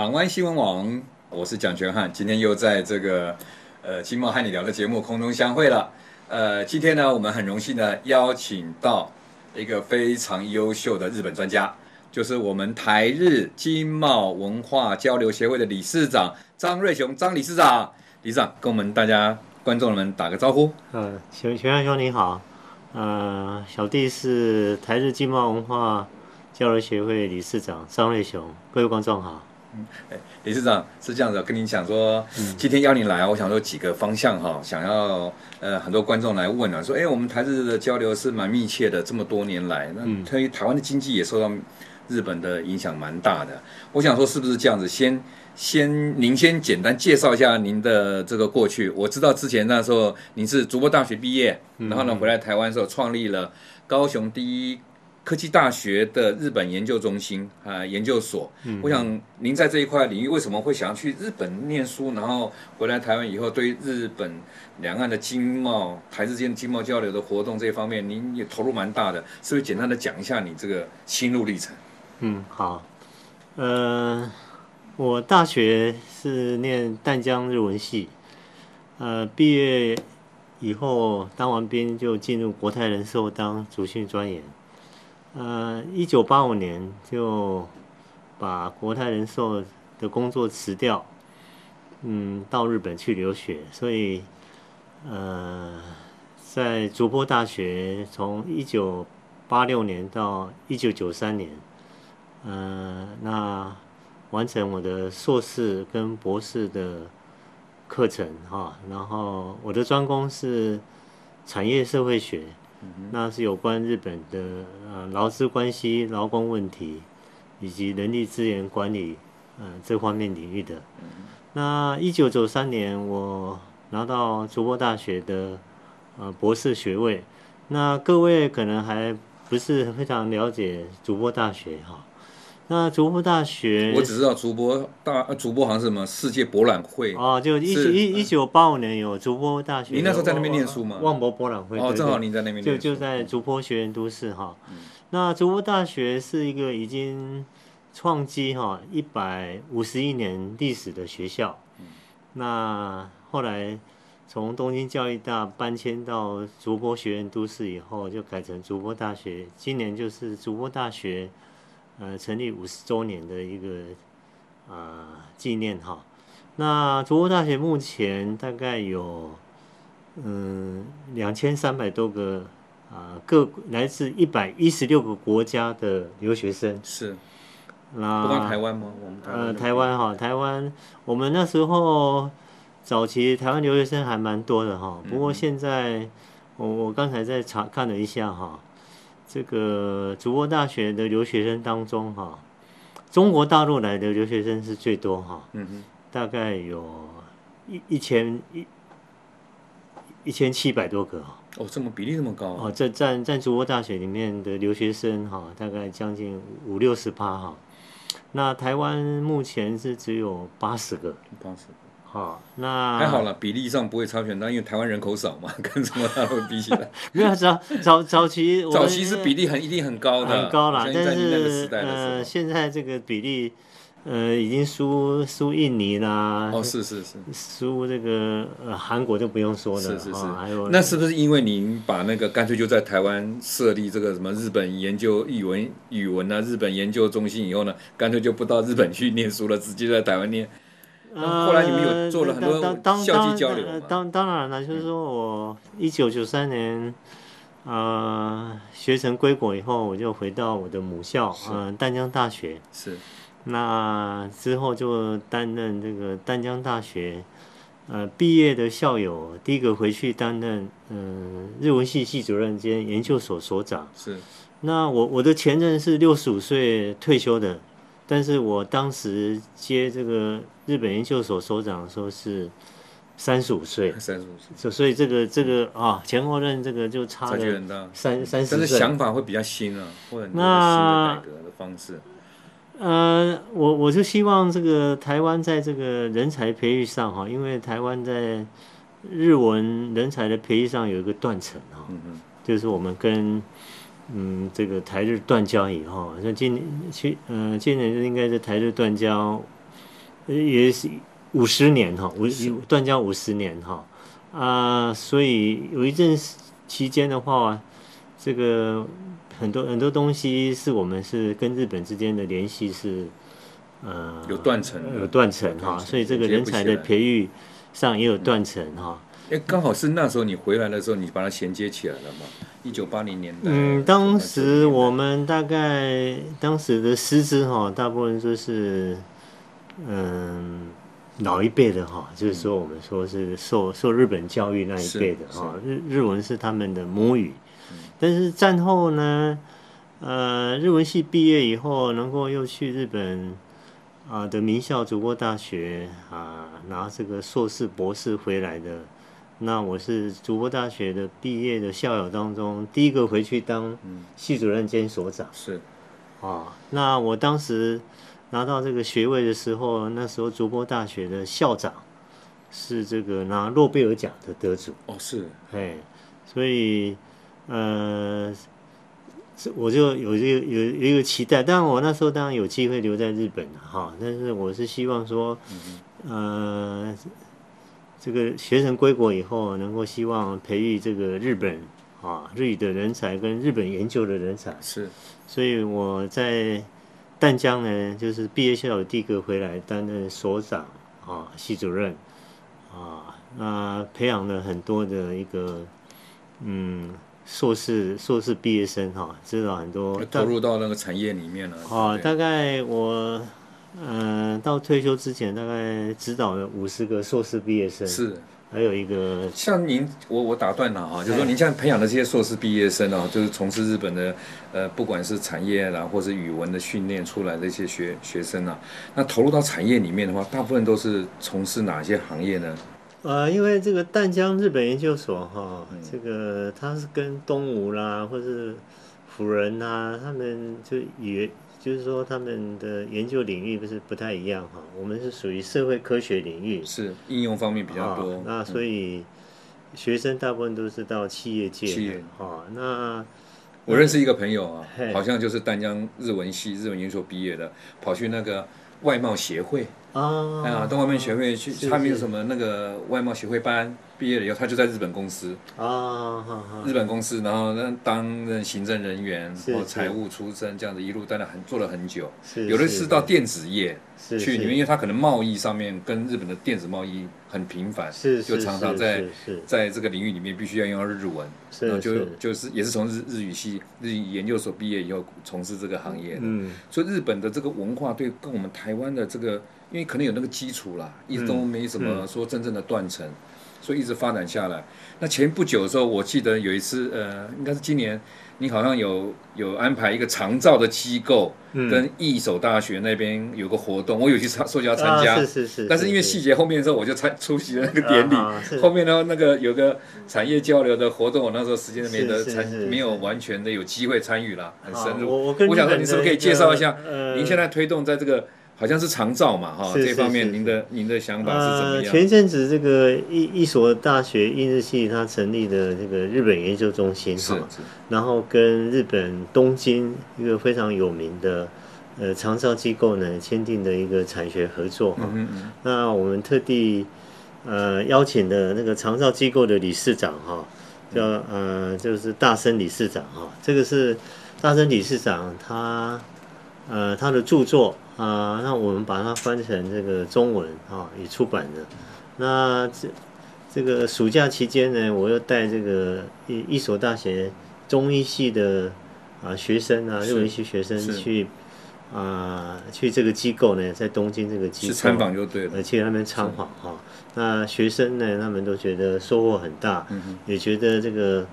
港灣新聞網，我是蔣權瀚，今天又在這個，呃，經貿瀚你聊的節目空中相會了。呃，今天呢，我們很榮幸的邀請到一個非常優秀的日本專家，就是我們台日經貿文化交流協會的理事長張瑞雄張理事長。理事長，跟我們大家觀眾們打個招呼。呃，權權瀚兄你好。呃，小弟是台日經貿文化交流協會理事長張瑞雄。各位觀眾好。嗯，哎，理事長是這樣子，我跟您講說、嗯，今天邀您來，我想說幾個方向哈，想要呃很多觀眾來問啊，說，哎、欸，我們台日的交流是蠻密切的，這麼多年來，那對於台灣的經濟也受到日本的影響蠻大的、嗯，我想說是不是這樣子？先先您先簡單介紹一下您的這個過去，我知道之前那時候您是筑波大學畢業、嗯，然後呢回來台灣時候創立了高雄第一。科技大學的日本研究中心啊、呃、研究所、嗯，我想您在這一塊領域為什麼會想要去日本念書，然後回來台灣以後，對日本兩岸的經貿、台日間經貿交流的活動這方面，您也投入蠻大的，是不是？簡單的講一下你這個心路歷程。嗯，好，呃，我大學是念淡江日文系，呃，畢業以後當完兵就進入國泰人壽當主訓專員。呃，一九八五年就把國泰人壽的工作辭掉，嗯，到日本去留學，所以呃，在筑波大學從一九八六年到一九九三年，呃，那完成我的碩士跟博士的課程哈，然後我的專攻是產業社會學。那是有關日本的呃勞資關係、勞工問題以及人力資源管理呃這方面領域的。那一九九三年我拿到筑波大學的呃博士學位。那各位可能還不是非常了解筑波大學哈。那筑波大學，我只知道筑波大，筑波好像是什麼世界博覽會啊、哦，就 19, 一九一一九八五年有筑波大學。您那時候在那邊念書嗎？萬博博覽會哦，對對對，正好你在那邊，就就在筑波學園都市哈、嗯。那筑波大學是一個已經創基哈一百五十一年歷史的學校。嗯、那後來從東京教育大搬遷到筑波學園都市以後，就改成筑波大學。今年就是筑波大學。呃，成立五十週年的一個啊、呃、紀念哈。那中國大學，目前大概有嗯兩千三百多個啊、呃、各來自一百一十六個國家的留學生是。不到台灣嗎？我們台灣。呃，台灣哈，台灣，我們那時候早期台灣留學生還蠻多的哈。不過現在，嗯、我我剛才在查看，了一下哈。這個筑波大學的留學生當中、啊，哈，中國大陸來的留學生是最多、啊，哈、嗯，大概有一一千一一千七百多個、啊，哦，這麼比例這麼高、啊，哦，在占在筑波大學裡面的留學生、啊，哈，大概將近五六十八，哈、啊，那台灣目前是只有八十個，八十。啊，那還好了，比例上不會差遠。那因為台灣人口少嘛，跟什麼大陸比起來， 早早早期早期是比例很一定很高的，很高啦。但是呃，現在這個比例，呃，已經輸輸印尼啦，哦，是是是，輸這個呃韓國就不用說了。嗯、是是是、哦。那是不是因為您把那個乾脆就在台灣設立這個什麼日本研究語文語文啊日本研究中心以後呢，乾脆就不到日本去念書了，直接在台灣念？呃、嗯，當當當當當然了，就是說我一九九三年，呃，學成歸國以後，我就回到我的母校，嗯，淡、呃、江大學是。那之後就擔任這個淡江大學，呃，畢業的校友第一個回去擔任，嗯、呃，日文系系主任兼研究所所長是。那我我的前任是六十五歲退休的。但是我當時接這個日本研究所所、所長的時候是三十五歲，所以這個這個啊、哦，前後任這個就差了三三十歲。但是想法會比較新啊，或者新的改革的方式。呃，我我就希望這個台灣在這個人才培育上哈，因為台灣在日文人才的培育上有一個斷層啊，就是我們跟。嗯，這個台日斷交以後，像今年去，嗯、呃，今年就應該是台日斷交，呃、也是五十年哈，五斷交五十年哈啊、哦呃，所以有一陣期間的話，這個很多很多東西是我們是跟日本之間的聯繫是，呃，有斷層，有斷層、嗯、有斷層哈斷層，所以這個人才的培育上也有斷層哈。哎、嗯嗯，剛好是那時候你回來的時候，你把它銜接起來了嘛。一九八零年代。嗯，當時我們大概當時的師資哈，大部分都，就是，嗯、呃，老一輩的哈、哦，就是說我們說是受受日本教育那一輩的啊、哦，日日文是他們的母語。但是戰後呢，呃，日文系畢業以後，能夠又去日本啊、呃、的名校、讀過大學啊、呃，拿這個碩士、博士回來的。那我是筑波大學的畢業的校友當中第一個回去當系主任兼所長、嗯、是啊、哦。那我當時拿到這個學位的時候，那時候筑波大學的校長是這個拿諾貝爾獎的得主哦，是哎，所以呃，我就有一個有有一個期待。當然我那時候當然有機會留在日本了哈、哦，但是我是希望說嗯。呃這個學成歸國以後，能夠希望培育這個日本啊日語的人才跟日本研究的人才是，所以我在淡江呢，就是畢業校的第一個回來擔任所長啊系主任啊，那培養了很多的一個嗯碩士碩士畢業生哈、啊，知道很多投入到那個產業裡面了啊，大概我。嗯、呃，到退休之前大概指導了五十個碩士畢業生，是，還有一個像您，我我打斷了哈、啊欸，就是說您像培養的這些碩士畢業生啊，就是從事日本的呃，不管是產業啦，或是語文的訓練出來的這些學學生啊，那投入到產業裡面的話，大部分都是從事哪些行業呢？呃，因為這個淡江日本研究所哈、啊嗯，這個他是跟東吳啦，或是輔仁啊，他們就也。就是說，他們的研究領域不是不太一樣哈。我們是屬於社會科學領域，是應用方面比較多。哦、那所以、嗯、學生大部分都是到企業界的。去、哦。那我認識一個朋友啊，好像就是淡江日文系日文研所畢業的，跑去那個外貿協會啊，啊，東外面協會去，是是是他們有什麼那個外貿協會班。畢業了以後，他就在日本公司啊、哦，日本公司，然後擔任行政人員，或財務出身，這樣子一路待了很做了很久，是是，有的是到電子業去。是是是，是因為他可能貿易上面跟日本的電子貿易很頻繁，是，是，就常常在，是是，在這個領域裡面必須要用日文，是是，然後就就是也是從日日語系日語研究所畢業以後從事這個行業的，嗯，所以日本的這個文化對跟我們台灣的這個，因為可能有那個基礎啦，嗯、一直都沒什麼說真正的斷層。嗯嗯所以一直發展下來。那前不久的時候，我記得有一次，呃，應該是今年，你好像有有安排一個長照的機構跟義守大學那邊有個活動，我有去參，說要參加，啊、是是，是，但是因為細節後面的時候，我就參出席了那個典禮。後面呢，那個有個產業交流的活動，我那時候時間沒得參，沒有完全的有機會參與了，很深入。啊、我，我，跟我想說，你是不是可以介紹一下，您、呃、現在推動在這個。好像是長照嘛，哈，這方面您的，是是是您，的您的想法是怎麼樣，呃？前陣子這個一一所大學英日系，它成立的這個日本研究中心，哈，是是然後跟日本東京一個非常有名的呃長照機構呢簽訂的一個產學合作，哈，嗯嗯，那我們特地呃邀請的那個長照機構的理事長，哈，叫呃就是大森理事長，哈，呃，這個是大森理事長，他呃他的著作。啊、呃，那我們把它翻成這個中文啊、哦，也出版的。那這這個暑假期間呢，我又帶這個一一所大學中醫系的啊、呃、學生啊，中醫系學生去啊、呃、去這個機構呢，在東京這個機構是參訪就對了，去那邊參訪哈、哦。那學生呢，他們都覺得收穫很大，嗯、也覺得這個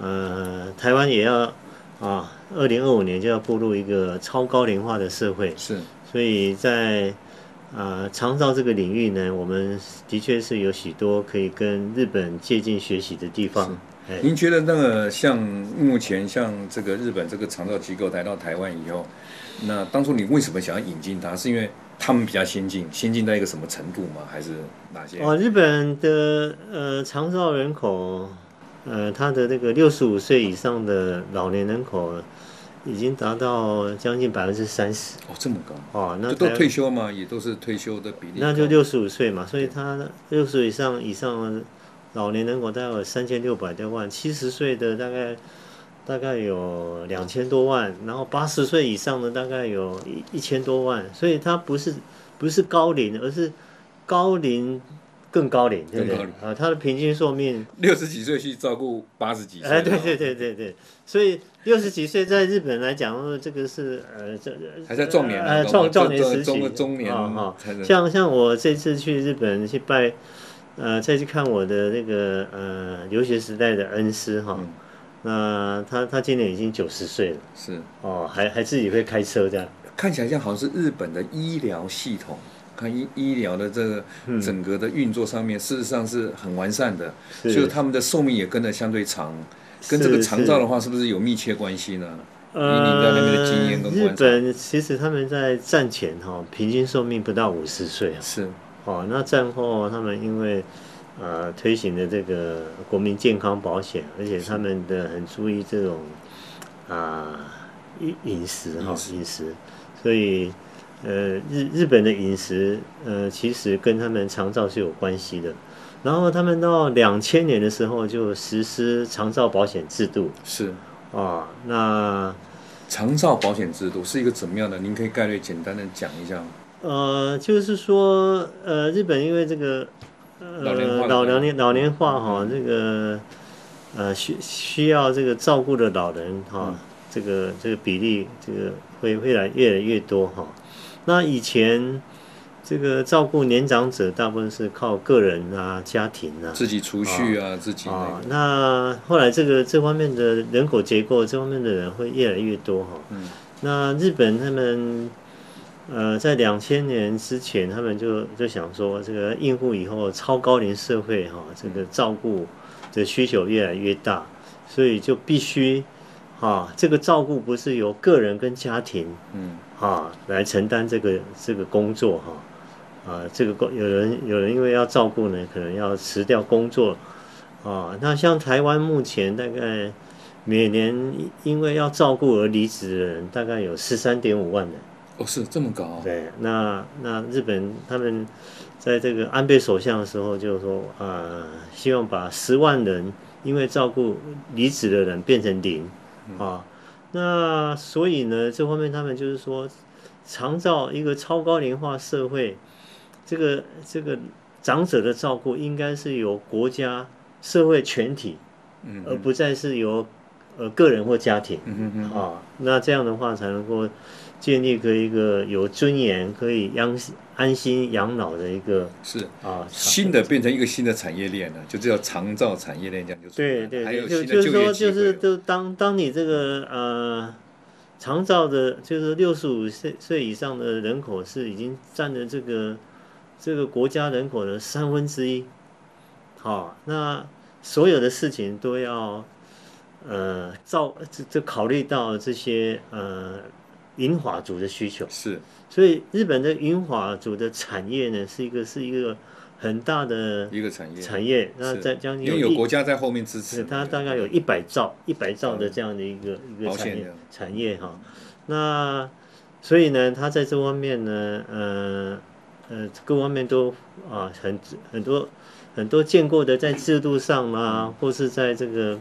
呃，台灣也要啊，二零二五年就要步入一個超高齡化的社會是。所以在啊、呃，長照這個領域呢，我們的確是有許多可以跟日本借鑑學習的地方、嗯。您覺得那個像目前像這個日本這個長照機構來到台灣以後，那當初你為什麼想要引進它？是因為他們比較先進，先進到一個什麼程度嗎？還是哪些？哦，日本的呃長照人口，呃，它的那個六十五歲以上的老年人口，已經達到將近百分之三十。哦，這麼高。哦，那都退休嘛，也都是退休的比例。那就六十五歲嘛，所以他六十以上以上老年人口大概有三千六百多萬，七十歲的大概大概有兩千多萬，然後八十歲以上的大概有一一千多萬，所以他不是不是高齡，而是高齡。更高齡，對不對？啊、呃，他的平均壽命六十幾歲去照顧八十幾歲，哎，對對對對對，所以六十幾歲在日本來講，這個是呃，這還在壯年、啊，呃，壯壯年時期，中、哦、年、哦、像像我這次去日本去拜，呃，再去看我的那個呃留學時代的恩師哈，那、哦嗯呃、他他今年已經九十歲了，是哦，還還自己會開車，這樣看起來像好像是日本的醫療系統。看醫醫療的這個整個的運作上面、嗯，事實上是很完善的，就是他們的壽命也跟得相對長，跟這個長照的話是不是有密切關係呢？嗯、呃，日本其實他們在戰前哈、哦，平均壽命不到五十歲是哦。那戰後他們因為呃推行的這個國民健康保險，而且他們的很注意這種啊飲飲食哈、哦、飲食，所以。呃，日日本的飲食，呃，其實跟他們長照是有關係的。然後他們到兩千年的時候就實施長照保險制度。是啊，那長照保險制度是一個怎麼樣的？您可以概略簡單的講一下嗎？呃，就是說，呃，日本因為這個呃老年老年化哈、哦嗯，這個呃需需要這個照顧的老人哈、哦嗯，這個這個比例這個會會來越來越多哈、哦。那以前，這個照顧年長者大部分是靠個人啊、家庭啊、自己儲蓄啊、哦、自己啊、那個哦。那後來這個這方面的人口結構，這方面的人會越來越多哈、哦嗯。那日本他們，呃，在兩千年之前，他們就就想說，這個應付以後超高齡社會哈、哦，這個照顧的需求越來越大，所以就必須。啊，這個照顧不是由個人跟家庭，嗯，啊來承擔這個這個工作哈，啊、呃，這個工有人有人因為要照顧呢，可能要辭掉工作，啊、呃，那像台灣目前大概每年因為要照顧而離職的人，大概有十三點五萬人。哦，是這麼高？啊。對，那那日本他們在這個安倍首相的時候就，就是說啊，希望把十萬人因為照顧離職的人變成零。啊，那所以呢，這方面他們就是說，長照一個超高齡化社會，這個這個長者的照顧應該是由國家社會全體，而不再是由呃個人或家庭，嗯哼哼，啊，那這樣的話才能夠。建立個一個有尊嚴可以養安心養老的一個是啊新的，變成一個新的產業鏈呢，就叫長照產業鏈這樣就說，對對，對，還有新的就業機會。就就是說，就是就當當你這個呃長照的，就是六十五歲歲以上的人口是已經佔了這個這個國家人口的三分之一。好、哦，那所有的事情都要呃照這這考慮到這些呃。銀髮族的需求是，所以日本的銀髮族的產業呢，是一個是一個很大的一個產業，產業。那在將近有，因為有國家在後面支持，那個它大概有一百兆、一百兆的這樣的一個、嗯、一個產業產業哈。那所以呢，它在這方面呢，呃呃，各方面都啊很很多很多見過的，在制度上啦，或是在這個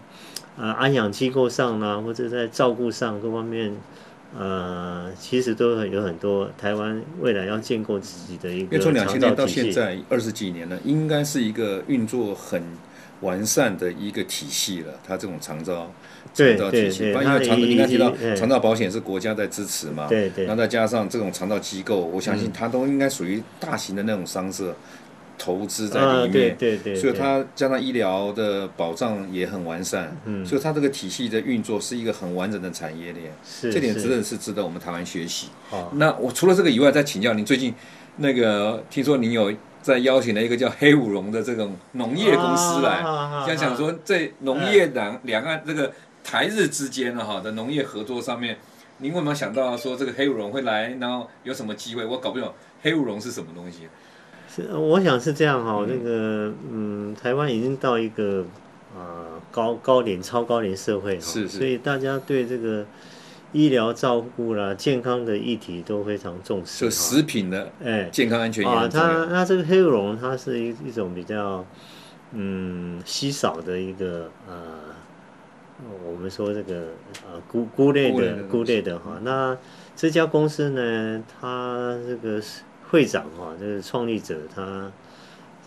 啊、呃、安養機構上啦，或者在照顧上各方面。呃，其實都有很多台灣未來要建構自己的一個長照體系，因為從兩千年到現在二十幾年呢，應該是一個運作很完善的一個體系了。它這種長照對長照體系因為長照，你剛提到長照保險是國家在支持嘛。對對。那再加上這種長照機構，我相信它都應該屬於大型的那種商社。嗯投資在裡面，啊對對對對，所以它加上醫療的保障也很完善，嗯、所以它這個體系的運作是一個很完整的產業鏈，這點真的是值得我們台灣學習。那我除了這個以外，再請教您，最近那個聽說您有在邀請了一個叫黑舞茸的這種農業公司來，想、啊、想說在農業兩兩岸這個台日之間的哈，在農業合作上面，您為什麼想到說這個黑舞茸會來，然後有什麼機會？我搞不懂黑舞茸是什麼東西。我想是這樣哈，那個嗯，台灣已經到一個啊、呃、高高齡、超高齡社會哈，所以大家對這個醫療照顧啦、健康的議題都非常重視。就食品的哎、欸，健康安全意識啊，它那這個黑舞茸，它是一一種比較嗯稀少的一個呃，我們說這個呃菇菇類的菇類的哈。那這家公司呢，它這個是。會長哈、哦，就是創立者他，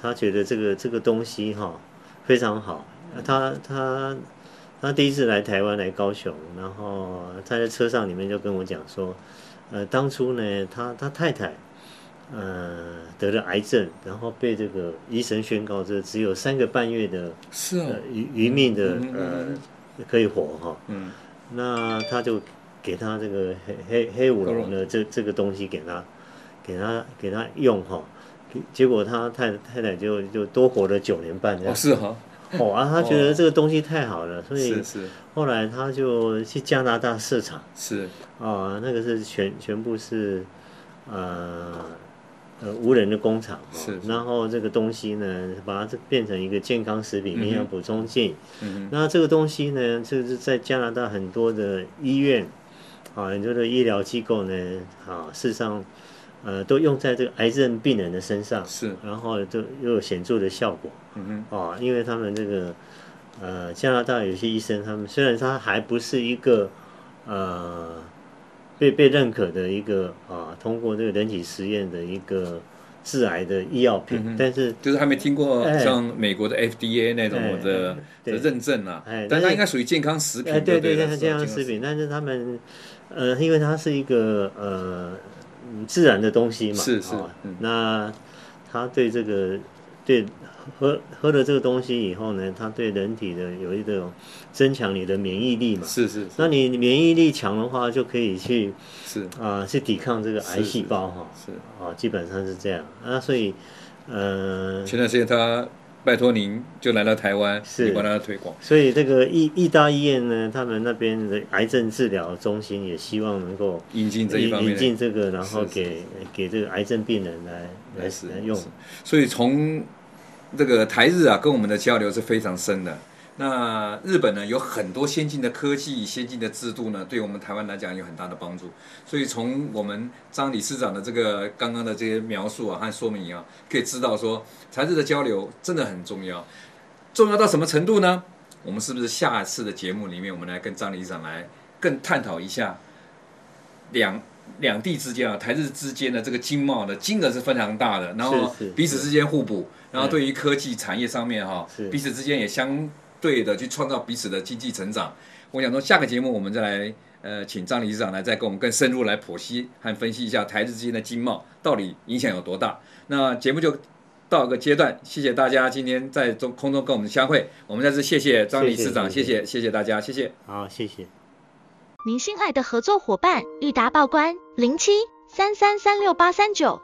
他覺得這個這個東西哈、哦、非常好。他他他第一次來台灣來高雄，然後他在車上裡面就跟我講說，呃，當初呢他他太太呃得了癌症，然後被這個醫生宣告這只有三個半月的餘、哦、呃、餘命的、嗯嗯嗯嗯、呃可以活哈、哦嗯。那他就給他這個黑黑黑舞茸的這這個東西給他。給他給他用哈、哦，結果他太太太就就多活了九年半這樣。哦是哦，哦啊，他覺得這個東西太好了、哦，所以後來他就去加拿大市場。是啊、哦，那個是全全部是呃呃無人的工廠、哦。然後這個東西呢，把它變成一個健康食品營養補充劑。嗯，勁嗯，那這個東西呢，就是在加拿大很多的醫院啊，很多的醫療機構呢啊、哦，事實上。呃，都用在這個癌症病人的身上，是，然後就又有顯著的效果，嗯、啊，因為他們這個呃，加拿大有些醫生，他們雖然他還不是一個呃被被認可的一個啊，通過這個人體實驗的一個致癌的醫藥品，嗯、但是就是還沒聽過像美國的 FDA 那種的的認證啊，哎哎、但它應該屬於健康食品、哎，對對對，對，對，對，對，對健，健康食品，但是他們呃，因為它是一個呃。自然的東西嘛，是是，嗯、那它對這個，對喝喝了這個東西以後呢，它對人體的有一種增強你的免疫力嘛，是是，是，那你免疫力強的話，就可以去啊、呃、去抵抗這個癌細胞哈，是啊、哦，基本上是這樣。那所以嗯、呃、前段時間他。拜託您就來到台灣，你把它推廣。所以這個意意大利醫院呢，他們那邊的癌症治療中心也希望能夠引進這一方面，引進這個，然後給是是是是給這個癌症病人來來使用是是。所以從這個台日啊，跟我們的交流是非常深的。那日本呢，有很多先進的科技、先進的制度呢，對我們台灣來講有很大的幫助。所以從我們張理事長的這個剛剛的這些描述啊和說明一樣，可以知道說，台日的交流真的很重要，重要到什麼程度呢？我們是不是下次的節目裡面，我們來跟張理事長來更探討一下兩兩地之間啊，台日之間的這個經貿的金額是非常大的，然後彼此之間互補，然後對於科技產業上面哈、啊，彼此之間也相。對的，去創造彼此的經濟成長。我想說，下個節目我們再來，呃，請張理事長來再跟我們更深入來剖析和分析一下台日之間的經貿到底影響有多大。那節目就到一個階段，謝謝大家今天在中空中跟我們相會。我們再次謝謝張理事長，謝謝，謝謝,謝,謝,謝,謝大家，謝謝。好、哦，謝謝。您心愛的合作夥伴，裕達報關，零七三三三六八三九。